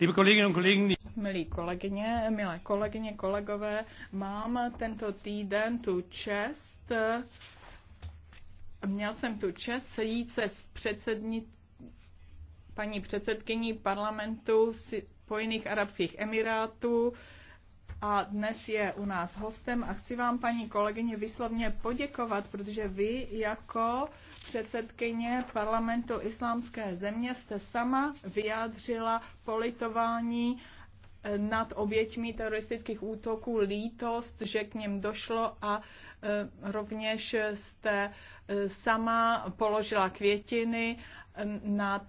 Liebe Kolleginnen und Kollegen, Milí kolegyně, milé kolegyně, kolegové, mám tento týden tu čest, měl jsem tu čest sejít se s předsední, paní předsedkyní parlamentu Spojených Arabských Emirátů, a dnes je u nás hostem a chci vám, paní kolegyně, výslovně poděkovat, protože vy jako předsedkyně parlamentu islámské země jste sama vyjádřila politování eh, nad oběťmi teroristických útoků lítost, že k něm došlo a eh, rovněž jste eh, sama položila květiny na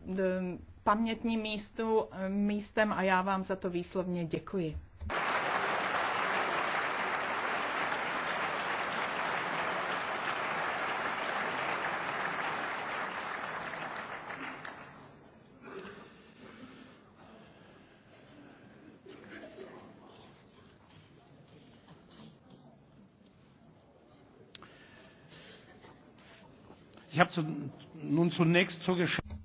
pamětní místu, místem a já vám za to výslovně děkuji.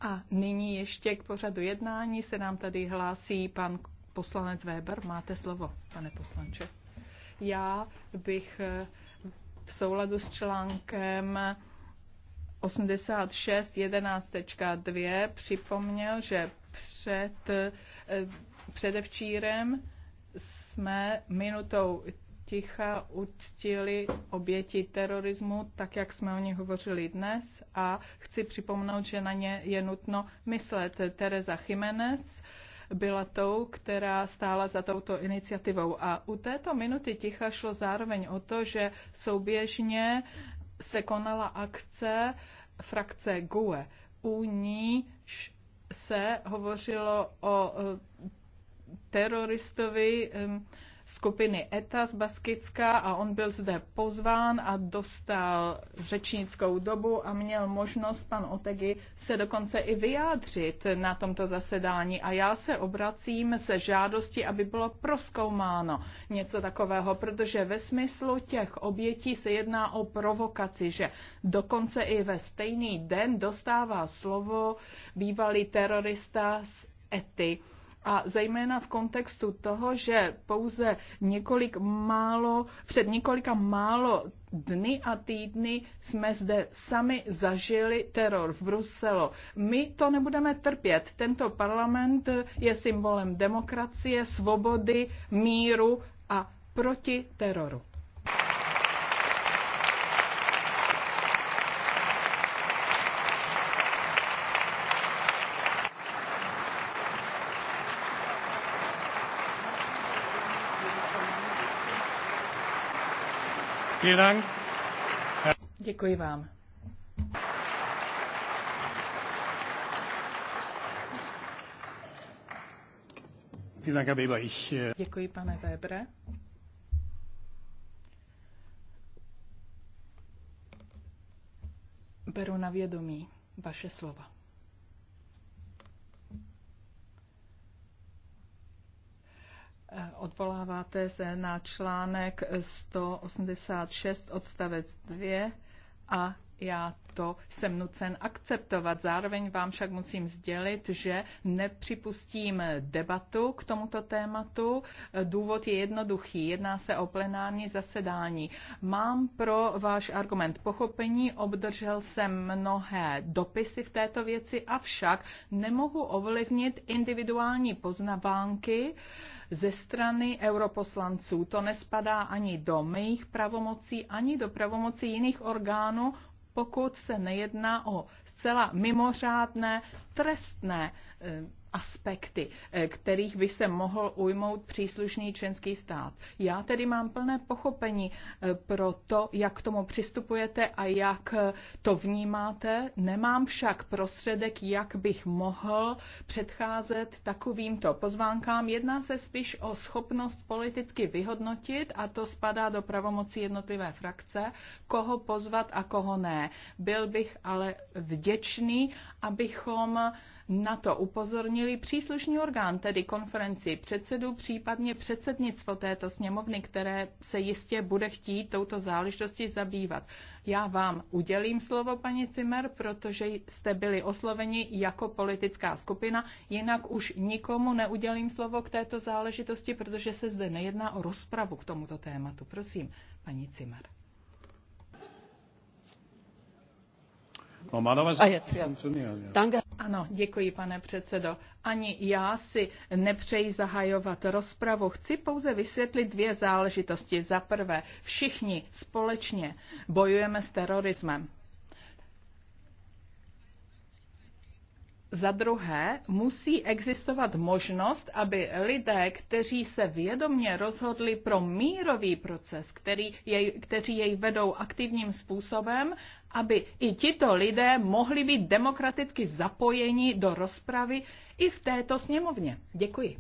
A nyní ještě k pořadu jednání se nám tady hlásí pan poslanec Weber. Máte slovo, pane poslanče. Já bych eh, v souladu s článkem 86.11.2 připomněl, že před, eh, předevčírem jsme minutou ticha uctili oběti terorismu, tak jak jsme o nich hovořili dnes. A chci připomenout, že na ně je nutno myslet. Teresa Jiménez byla tou, která stála za touto iniciativou. A u této minuty ticha šlo zároveň o to, že souběžně se konala akce frakce GUE. U e. ní se hovořilo o eh, teroristovi, skupiny ETA z Baskicka a on byl zde pozván a dostal řečnickou dobu a měl možnost pan Otegi se dokonce i vyjádřit na tomto zasedání a já se obracím se žádostí, aby bylo proskoumáno něco takového, protože ve smyslu těch obětí se jedná o provokaci, že dokonce i ve stejný den dostává slovo bývalý terorista z ETY a zejména v kontextu toho, že pouze několik málo, před několika málo dny a týdny jsme zde sami zažili teror v Bruselu. My to nebudeme trpět. Tento parlament je symbolem demokracie, svobody, míru a proti teroru. Děkuji vám. Äh, Děkuji, pane Webre. Beru na vědomí vaše slova. odvoláváte se na článek 186 odstavec 2 a já to jsem nucen akceptovat. Zároveň vám však musím sdělit, že nepřipustím debatu k tomuto tématu. Důvod je jednoduchý. Jedná se o plenární zasedání. Mám pro váš argument pochopení, obdržel jsem mnohé dopisy v této věci, avšak nemohu ovlivnit individuální poznavánky ze strany europoslanců. To nespadá ani do mých pravomocí, ani do pravomocí jiných orgánů, pokud se nejedná o zcela mimořádné trestné eh, aspekty, eh, kterých by se mohl ujmout příslušný členský stát. Já tedy mám plné pochopení eh, pro to, jak k tomu přistupujete a jak eh, to vnímáte. Nemám však prostředek, jak bych mohl předcházet takovýmto pozvánkám. Jedná se spíš o schopnost politicky vyhodnotit, a to spadá do pravomocí jednotlivé frakce, koho pozvat a koho ne. Byl bych ale vděčný, abychom na to upozornili zmínili příslušný orgán, tedy konferenci předsedů, případně předsednictvo této sněmovny, které se jistě bude chtít touto záležitostí zabývat. Já vám udělím slovo, paní Cimer, protože jste byli osloveni jako politická skupina, jinak už nikomu neudělím slovo k této záležitosti, protože se zde nejedná o rozpravu k tomuto tématu. Prosím, paní Cimer. Normalerweise funktioniert. Ja. Danke. Ano, děkuji, pane předsedo. Ani já si nepřeji zahajovat rozpravu. Chci pouze vysvětlit dvě záležitosti. Za prvé, všichni společně bojujeme s terorismem. Za druhé, musí existovat možnost, aby lidé, kteří se vědomně rozhodli pro mírový proces, který jej, kteří jej vedou aktivním způsobem, aby i tito lidé mohli být demokraticky zapojeni do rozpravy i v této sněmovně. Děkuji.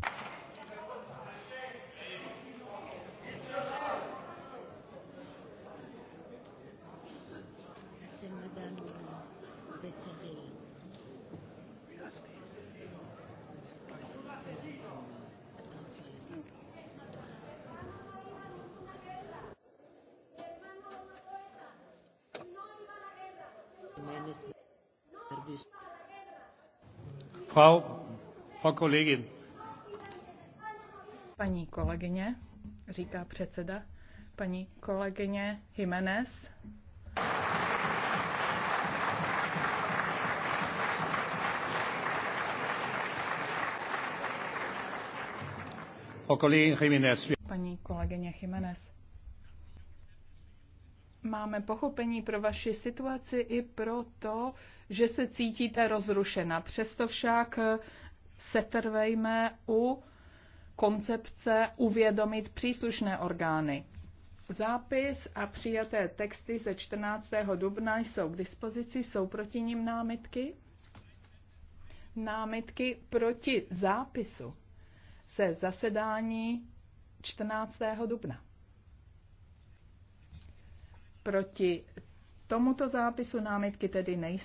Paní kolegyně, říká předseda, paní kolegyně Jiménez. Paní kolegyně Jiménez máme pochopení pro vaši situaci i pro to, že se cítíte rozrušena. Přesto však setrvejme u koncepce uvědomit příslušné orgány. Zápis a přijaté texty ze 14. dubna jsou k dispozici, jsou proti ním námitky? Námitky proti zápisu se zasedání 14. dubna. Proti tomuto zápisu námitky tedy nejsou.